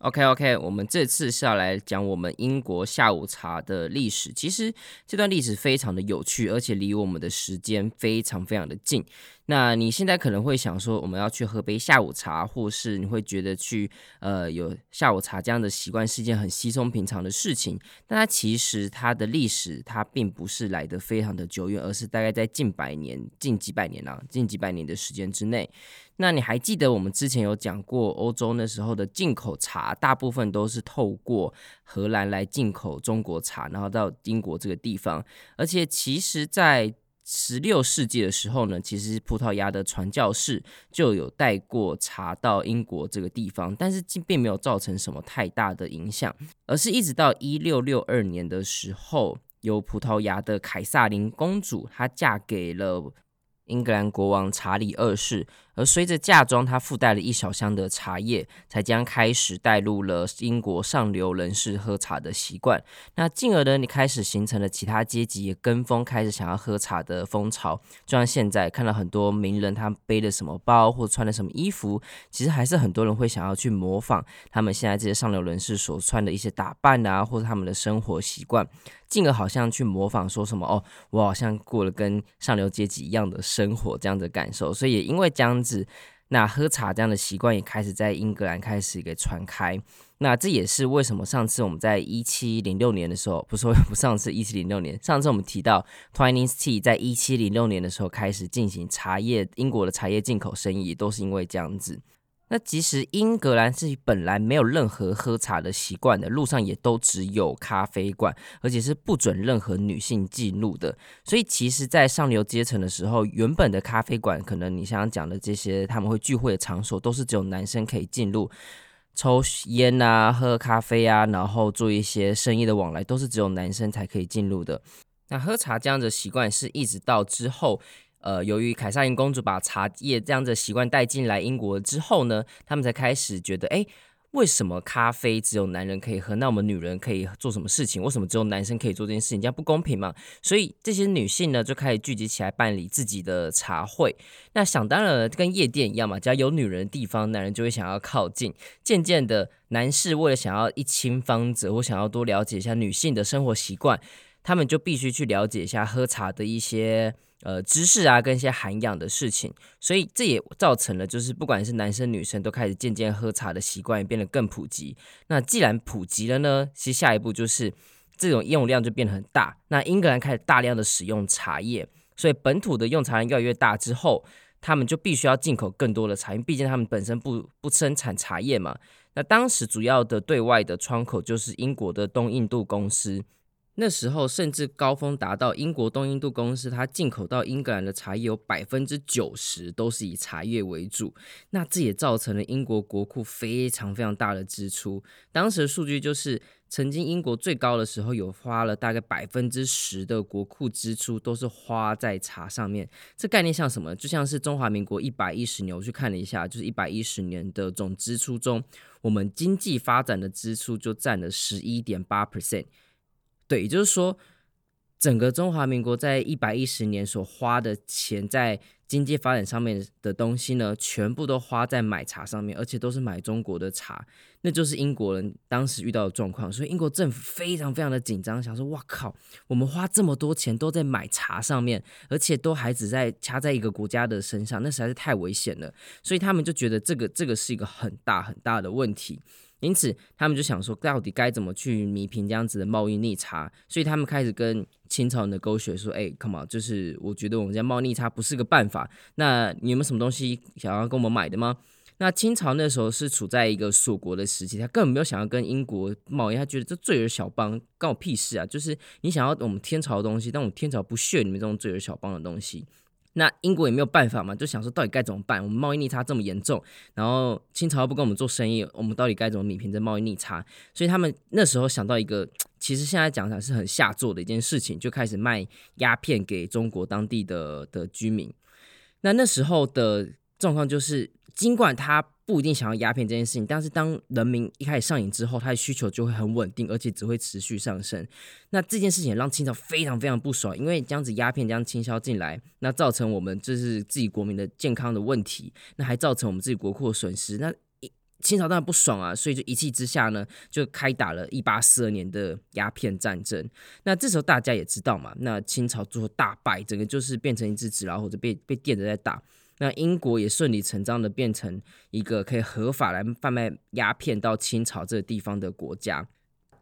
OK，OK，okay, okay, 我們這次是要來講我們英國下午茶的歷史。其實這段歷史非常的有趣，而且離我們的時間非常非常的近。那你現在可能會想說，我們要去喝杯下午茶，或是你會覺得去呃有下午茶這樣的習慣是一件很稀鬆平常的事情。但它其實它的歷史它並不是來得非常的久遠，而是大概在近百年、近幾百年呢、啊，近幾百年的時間之內。那你還記得我們之前有講過，歐洲那時候的進口茶大部分都是透過荷蘭來進口中國茶，然後到英國這個地方。而且其實，在十六世紀的時候呢，其實葡萄牙的傳教士就有帶過茶到英國這個地方，但是並沒有造成什麼太大的影響。而是一直到一六六二年的時候，由葡萄牙的凱撒琳公主，她嫁給了英格蘭國王查理二世。而隨着嫁妝，它附帶了一小箱的茶葉，才將開始帶入了英國上流人士喝茶的習慣。那進而呢，你開始形成了其他階級也跟風開始想要喝茶的風潮。就像現在看到很多名人，他背的什麼包，或穿的什麼衣服，其實還是很多人會想要去模仿他們現在這些上流人士所穿的一些打扮啊，或者他們的生活習慣，進而好像去模仿說什麼哦，我好像過了跟上流階級一樣的生活這樣的感受。所以也因為將那喝茶這樣的習慣也開始在英格蘭開始給傳開。那這也是為什麼上次我們在一七零六年的時候，不是說不上次一七零六年，上次我們提到 Twining Tea 在一七零六年的時候開始進行茶葉，英國的茶葉進口生意，都是因為這樣子。那其實英格蘭自己本來沒有任何喝茶的習慣的，路上也都只有咖啡館，而且是不准任何女性進入的。所以其實，在上流階層的時候，原本的咖啡館，可能你想想講的這些他們會聚會的場所，都是只有男生可以進入，抽煙啊、喝咖啡啊，然後做一些生意的往來，都是只有男生才可以進入的。那喝茶這樣的習慣，是一直到之後。呃，由於凱瑟琳公主把茶葉這樣的習慣帶進來英國之後呢，他們才開始覺得，哎，為什麼咖啡只有男人可以喝？那我們女人可以做什麼事情？為什麼只有男生可以做這件事情？這樣不公平嘛？所以這些女性呢，就開始聚集起來辦理自己的茶會。那想當然了，跟夜店一樣嘛，只要有女人的地方，男人就會想要靠近。漸漸的，男士為了想要一親芳澤或想要多了解一下女性的生活習慣，他們就必須去了解一下喝茶的一些，呃，知識啊，跟一些涵養的事情，所以這也造成了，就是不管是男生女生，都開始漸漸喝茶的習慣也變得更普及。那既然普及了呢，其實下一步就是這種用量就變得很大。那英格蘭開始大量的使用茶葉，所以本土的用茶量越來越大之後，他們就必須要進口更多的茶，因為畢竟他們本身不不生產茶葉嘛。那當時主要的對外的窗口就是英國的東印度公司。那時候甚至高峰達到，英國東印度公司它進口到英格蘭的茶葉有百分之九十都是以茶葉為主，那這也造成了英國國庫非常非常大的支出。當時的數據就是，曾經英國最高的時候有花了大概百分之十的國庫支出都是花在茶上面。這概念像什麼？就像是中華民國一百一十年，我去看了一下，就是一百一十年的總支出中，我們經濟發展的支出就佔了十一點八 percent。對，也就是說，整個中華民國在一百一十年所花的錢在經濟發展上面的東西呢，全部都花在買茶上面，而且都是買中國的茶，那就是英國人當時遇到的狀況。所以英國政府非常非常的緊張，想說：“哇靠，我們花這麼多錢都在買茶上面，而且都還只在掐在一個國家的身上，那實在是太危險了。”所以他們就覺得這個這個是一個很大很大的問題。因此，他們就想說，到底該怎麼去彌平這樣子的貿易逆差？所以他們開始跟清朝人 negotiate 說：“哎、欸，come on，就是我覺得我們家貿易逆差不是個辦法。那你有沒有什麼東西想要跟我們買的嗎？”那清朝那時候是處在一個鎖國的時期，他根本沒有想要跟英國貿易，他覺得這蕞爾小邦，關我屁事啊！就是你想要我們天朝的東西，但我們天朝不屑你們這種蕞爾小邦的東西。那英國也沒有辦法嘛，就想說到底該怎麼辦？我們貿易逆差這麼嚴重，然後清朝又不跟我們做生意，我們到底該怎麼彌平這貿易逆差？所以他們那時候想到一個，其實現在講起來是很下作的一件事情，就開始賣鴉片給中國當地的的居民。那那時候的狀況就是，儘管他不一定想要鴉片這件事情，但是當人民一開始上癮之後，他的需求就會很穩定，而且只會持續上升。那這件事情也讓清朝非常非常不爽，因為這樣子鴉片這樣傾銷進來，那造成我們就是自己國民的健康的問題，那還造成我們自己國庫的損失。那清朝當然不爽啊，所以就一氣之下呢，就開打了一八四二年的鴉片戰爭。那這時候大家也知道嘛，那清朝最後大敗，整個就是變成一只紙老虎，就被被電着在打。那英國也順理成章的變成一個可以合法來販賣鴉片到清朝這個地方的國家。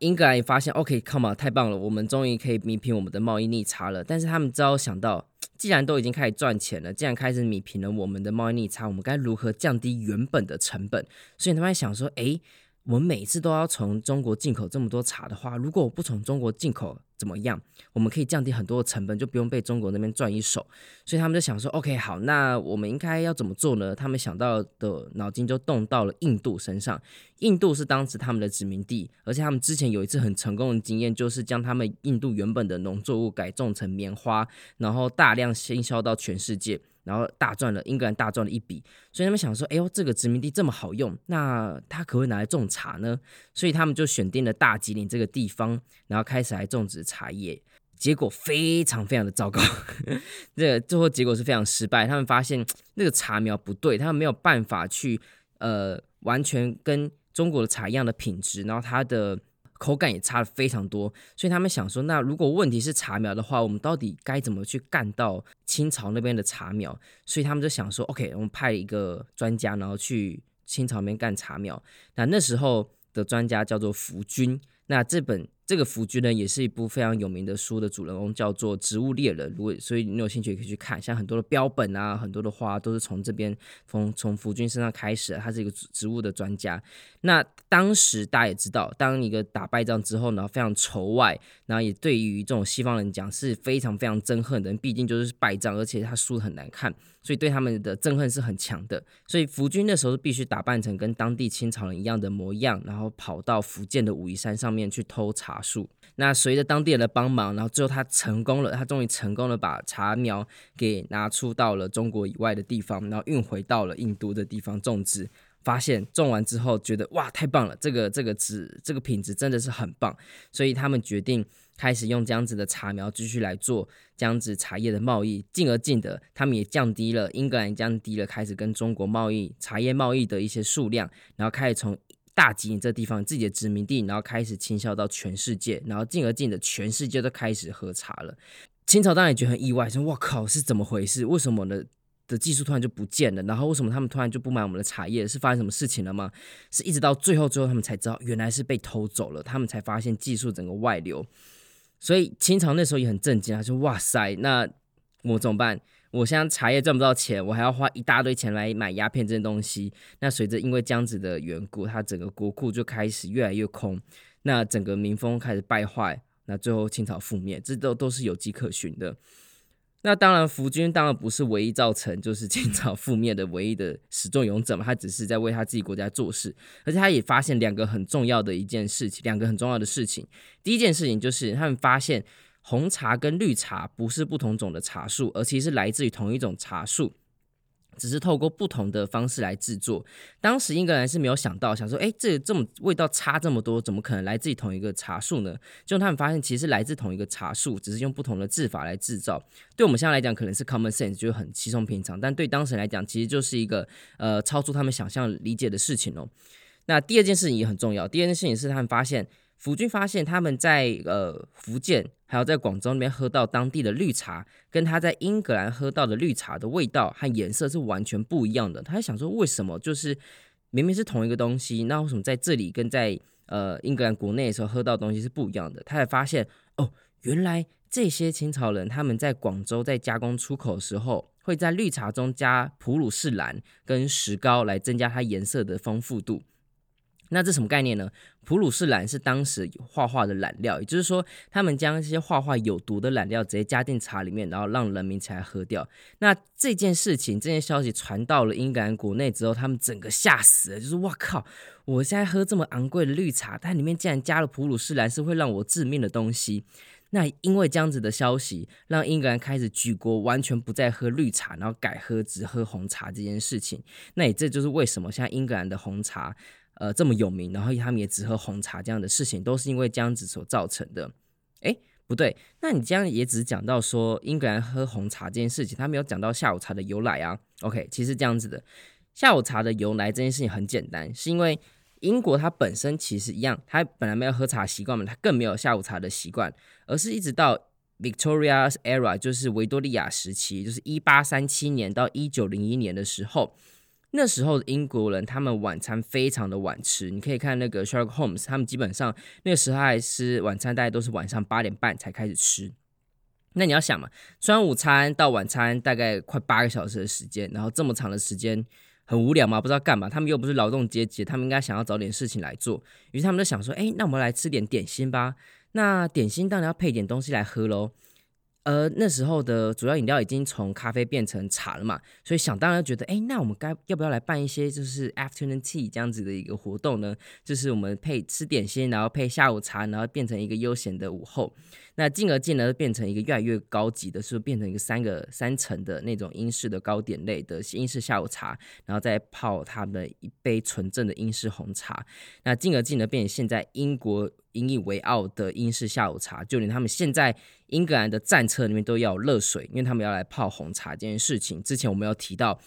英格蘭也發現，OK，come on，太棒了，我們終於可以彌平我們的貿易逆差了。但是他們只要想到，既然都已經開始賺錢了，既然開始彌平了我們的貿易逆差，我們該如何降低原本的成本？所以他們想說，哎、欸。我們每次都要從中國進口這麼多茶的話，如果我不從中國進口，怎麼樣？我們可以降低很多的成本，就不用被中國那邊賺一手。所以他們就想說，OK，好，那我們應該要怎麼做呢？他們想到的腦筋就動到了印度身上。印度是當時他們的殖民地，而且他們之前有一次很成功的經驗，就是將他們印度原本的農作物改種成棉花，然後大量行銷到全世界。然後大賺了，英格蘭大賺了一筆，所以他們想說，哎呦，這個殖民地這麼好用，那他可會拿來種茶呢？所以他們就選定了大吉嶺這個地方，然後開始來種植茶葉，結果非常非常的糟糕， 這最後結果是非常失敗。他們發現那個茶苗不對，他們沒有辦法去呃完全跟中國的茶一樣的品質，然後它的。口感也差了非常多，所以他們想說，那如果問題是茶苗的話，我們到底該怎麼去幹到清朝那邊的茶苗？所以他們就想說，OK，我們派一個專家，然後去清朝那邊幹茶苗。那那時候的專家叫做福君。那這本。這個福鈞呢，也是一部非常有名的書的主人公，叫做植物獵人。如果所以你有興趣也可以去看，像很多的標本啊，很多的花、啊、都是從這邊從從福鈞身上開始、啊。他是一個植物的專家。那當時大家也知道，當一個打敗仗之後呢，非常仇外，然後也對於這種西方人講是非常非常憎恨的人，畢竟就是敗仗，而且他輸得很難看，所以對他們的憎恨是很強的。所以福鈞那時候是必須打扮成跟當地清朝人一樣的模樣，然後跑到福建的武夷山上面去偷茶茶樹，那隨着當地人的幫忙，然後最後他成功了，他終於成功了，把茶苗給拿出到了中國以外的地方，然後運回到了印度的地方種植，發現種完之後覺得哇太棒了，這個這個值，這個品質真的是很棒，所以他們決定開始用這樣子的茶苗繼續來做這樣子茶葉的貿易，進而進得他們也降低了英格蘭，降低了開始跟中國貿易茶葉貿易的一些數量，然後開始從大吉嶺這地方自己的殖民地，然後開始傾銷到全世界，然後進而進的全世界都開始喝茶了。清朝當然也覺得很意外，說：“我靠，是怎麼回事？為什麼我的的技術突然就不見了？然後為什麼他們突然就不買我們的茶葉？是發生什麼事情了嗎？是一直到最後，最後他們才知道，原來是被偷走了。他們才發現技術整個外流，所以清朝那時候也很震驚，他說：‘哇塞，那我怎麼辦？’我現在茶葉賺不到錢，我還要花一大堆錢來買鴉片這些東西。那隨着因為這樣子的緣故，他整個國庫就開始越來越空，那整個民風開始敗壞，那最後清朝覆滅，這都都是有跡可循的。那當然，福鈞當然不是唯一造成就是清朝覆滅的唯一的始作俑者嘛，他只是在為他自己國家做事，而且他也發現兩個很重要的一件事情，兩個很重要的事情。第一件事情就是他們發現。紅茶跟綠茶不是不同種的茶樹，而其實來自於同一種茶樹，只是透過不同的方式來製作。當時英格蘭是沒有想到，想說，誒、欸，這這麼味道差這麼多，怎麼可能來自於同一個茶樹呢？就他們發現，其實來自同一個茶樹，只是用不同的製法來製造。對我們現在來講，可能是 common sense 就是很稀鬆平常，但對當時來講，其實就是一個呃超出他們想象理解的事情哦、喔。那第二件事情也很重要，第二件事情是他們發現。福鈞發現他們在呃福建，還有在廣州那邊喝到當地的綠茶，跟他在英格蘭喝到的綠茶的味道和顏色是完全不一樣的。他還想說，為什麼就是明明是同一個東西，那為什麼在這裡跟在呃英格蘭國內的時候喝到的東西是不一樣的？他才發現哦，原來這些清朝人他們在廣州在加工出口的時候，會在綠茶中加普魯士藍跟石膏來增加它顏色的豐富度。那這什麼概念呢？普魯士藍是當時畫畫的染料，也就是說，他們將這些畫畫有毒的染料直接加進茶裡面，然後讓人民起來喝掉。那這件事情，這件消息傳到了英格蘭國內之後，他們整個嚇死了，就是哇靠！我現在喝這麼昂貴的綠茶，它裡面竟然加了普魯士藍，是會讓我致命的東西。那因為這樣子的消息，讓英格蘭開始舉國完全不再喝綠茶，然後改喝只喝紅茶。這件事情，那也這就是為什麼現在英格蘭的紅茶。呃，這麼有名，然後他們也只喝紅茶這樣的事情，都是因為這樣子所造成的。哎，不對，那你這樣也只講到說英格蘭喝紅茶這件事情，他沒有講到下午茶的由來啊。OK，其實這樣子的下午茶的由來這件事情很簡單，是因為英國它本身其實一樣，它本來沒有喝茶習慣嘛，它更沒有下午茶的習慣，而是一直到 Victoria Era，就是維多利亞時期，就是一八三七年到一九零一年的時候。那時候英國人他們晚餐非常的晚吃，你可以看那個 Sherlock Holmes，他們基本上那個時候還是晚餐，大概都是晚上八點半才開始吃。那你要想嘛，吃完午餐到晚餐大概快八個小時的時間，然後這麼長的時間很無聊嘛，不知道幹嘛？他們又不是勞動階級，他們應該想要找點事情來做。於是他們就想說，誒、欸，那我們來吃點點心吧。那點心當然要配點東西來喝嘍。而，那時候的主要飲料已經從咖啡變成茶了嘛，所以想當然覺得，哎、欸，那我們該要不要來辦一些就是 afternoon tea 這樣子的一個活動呢？就是我們配吃點心，然後配下午茶，然後變成一個悠閒的午後。那進而進呢，變成一個越來越高級的，是變成一個三個三層的那種英式的糕點類的英式下午茶，然後再泡他們一杯純正的英式紅茶。那進而進呢，變現在英國引以為傲的英式下午茶，就連他們現在英格蘭的戰車裡面都要有熱水，因為他們要來泡紅茶這件事情。之前我們有提到。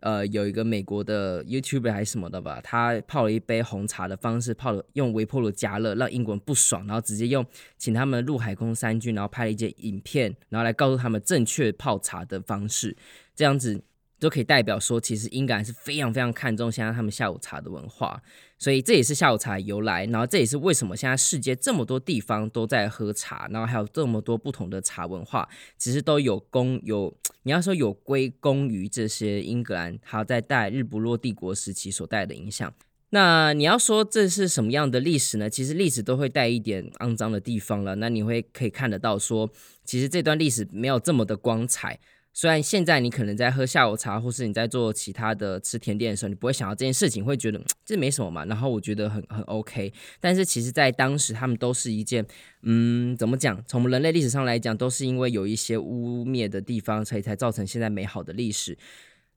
呃，有一個美國的 YouTuber 還是什麼的吧，他泡了一杯紅茶的方式泡了，用微波爐加熱，讓英國人不爽，然後直接用請他們入海空三軍，然後拍了一件影片，然後來告訴他們正確泡茶的方式，這樣子。都可以代表說，其實英格蘭是非常非常看重現在他們下午茶的文化，所以這也是下午茶的由來。然後這也是為什麼現在世界這麼多地方都在喝茶，然後還有這麼多不同的茶文化，其實都有功有你要說有歸功於這些英格蘭它在帶日不落帝國時期所帶的影響。那你要說這是什麼樣的歷史呢？其實歷史都會帶一點骯髒的地方了，那你會可以看得到說，其實這段歷史沒有這麼的光彩。雖然現在你可能在喝下午茶，或是你在做其他的吃甜點的時候，你不會想到這件事情，會覺得這沒什麼嘛。然後我覺得很很 OK，但是其實，在當時他們都是一件，嗯，怎麼講？從人類歷史上來講，都是因為有一些污衊的地方，所以才造成現在美好的歷史。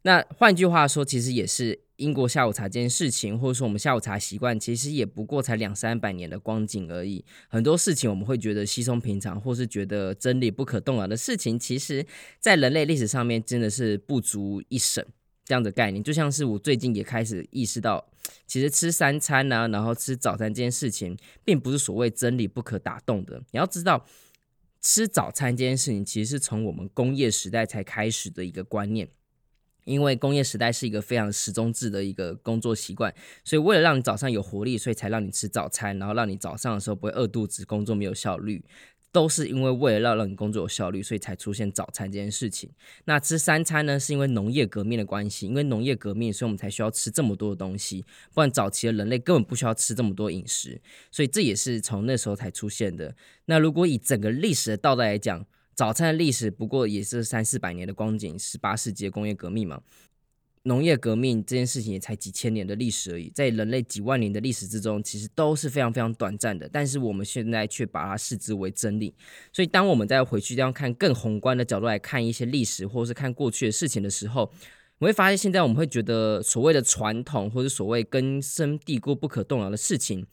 那換句話說，其實也是英國下午茶這件事情，或者說我們下午茶習慣，其實也不過才兩三百年的光景而已。很多事情我們會覺得稀鬆平常，或是覺得真理不可動搖的事情，其實在人類歷史上面真的是不足一省這樣的概念。就像是我最近也開始意識到，其實吃三餐啊，然後吃早餐這件事情，並不是所謂真理不可打動的。你要知道，吃早餐這件事情，其實是從我們工業時代才開始的一個觀念。因為工業時代是一個非常時鐘制的一個工作習慣，所以為了讓你早上有活力，所以才讓你吃早餐，然後讓你早上的時候不會餓肚子，工作沒有效率，都是因為為了讓讓你工作有效率，所以才出現早餐這件事情。那吃三餐呢，是因為農業革命的關係，因為農業革命，所以我們才需要吃這麼多的東西，不然早期的人類根本不需要吃這麼多飲食，所以這也是從那時候才出現的。那如果以整個歷史的道德來講，早餐的歷史不過也是三四百年的光景，十八世紀的工業革命嘛，農業革命這件事情也才幾千年的歷史而已，在人類幾萬年的歷史之中，其實都是非常非常短暫的。但是我們現在卻把它視之為真理，所以當我們再回去這樣看更宏觀的角度來看一些歷史，或者是看過去的事情的時候，你會發現現在我們會覺得所謂的傳統，或者所謂根深蒂固不可動搖的事情，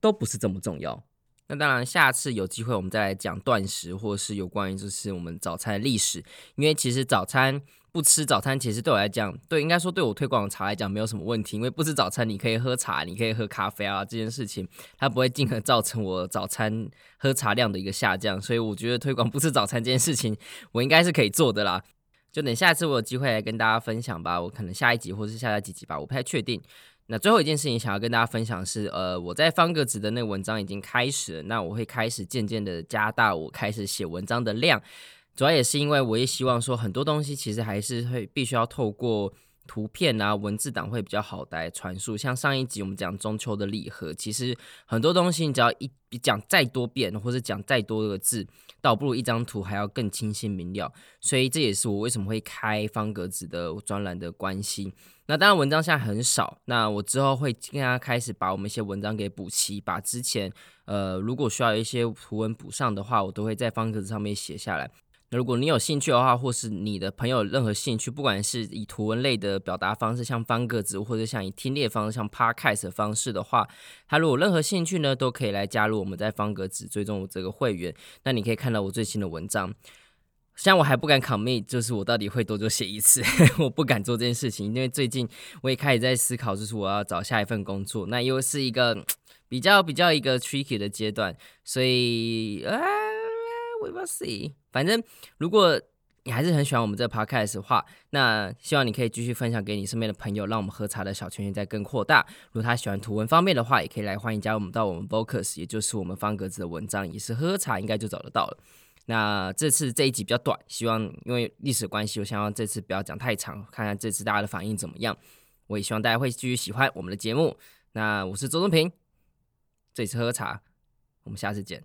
都不是這麼重要。那當然，下次有機會我們再來講斷食，或是有關於就是我們早餐的歷史。因為其實早餐不吃早餐，其實對我來講，對應該說對我推廣茶來講沒有什麼問題。因為不吃早餐，你可以喝茶，你可以喝咖啡啊，這件事情它不會進而造成我早餐喝茶量的一個下降。所以我覺得推廣不吃早餐這件事情，我應該是可以做的啦。就等下一次我有機會來跟大家分享吧。我可能下一集或是下下幾集集吧，我不太確定。那最後一件事情想要跟大家分享是，呃，我在方格子的那個文章已經開始了，那我會開始漸漸的加大我開始寫文章的量，主要也是因為我也希望說很多東西其實還是會必須要透過。圖片啊，文字檔會比較好的來傳輸。像上一集我們講中秋的禮盒，其實很多東西你只要一講再多遍，或者講再多的字，倒不如一張圖還要更清晰明了。所以這也是我為什麼會開方格子的專欄的關係。那當然文章現在很少，那我之後會跟大家開始把我們一些文章給補齊，把之前呃如果需要一些圖文補上的話，我都會在方格子上面寫下來。如果你有興趣的話，或是你的朋友有任何興趣，不管是以圖文類的表達方式，像方格子，或者像以聽列方式，像 Podcast 的方式的話，他如果任何興趣呢，都可以來加入我們，在方格子追蹤我這個會員。那你可以看到我最新的文章。像我還不敢 commit，就是我到底會多久寫一次？ 我不敢做這件事情，因為最近我也開始在思考，就是我要找下一份工作，那又是一個比較比較一個 tricky 的階段，所以啊、uh，we will see。反正，如果你還是很喜歡我們這個 podcast 的話，那希望你可以繼續分享給你身邊的朋友，讓我們喝茶的小圈圈再更擴大。如果他喜歡圖文方面的話，也可以來歡迎加入我們到我們 Vocus，也就是我們方格子的文章，也是喝，喝茶應該就找得到了。那這次這一集比較短，希望因為歷史關係，我想要這次不要講太長，看看這次大家的反應怎麼樣。我也希望大家會繼續喜歡我們的節目。那我是周宗平，這次喝，喝茶，我們下次見。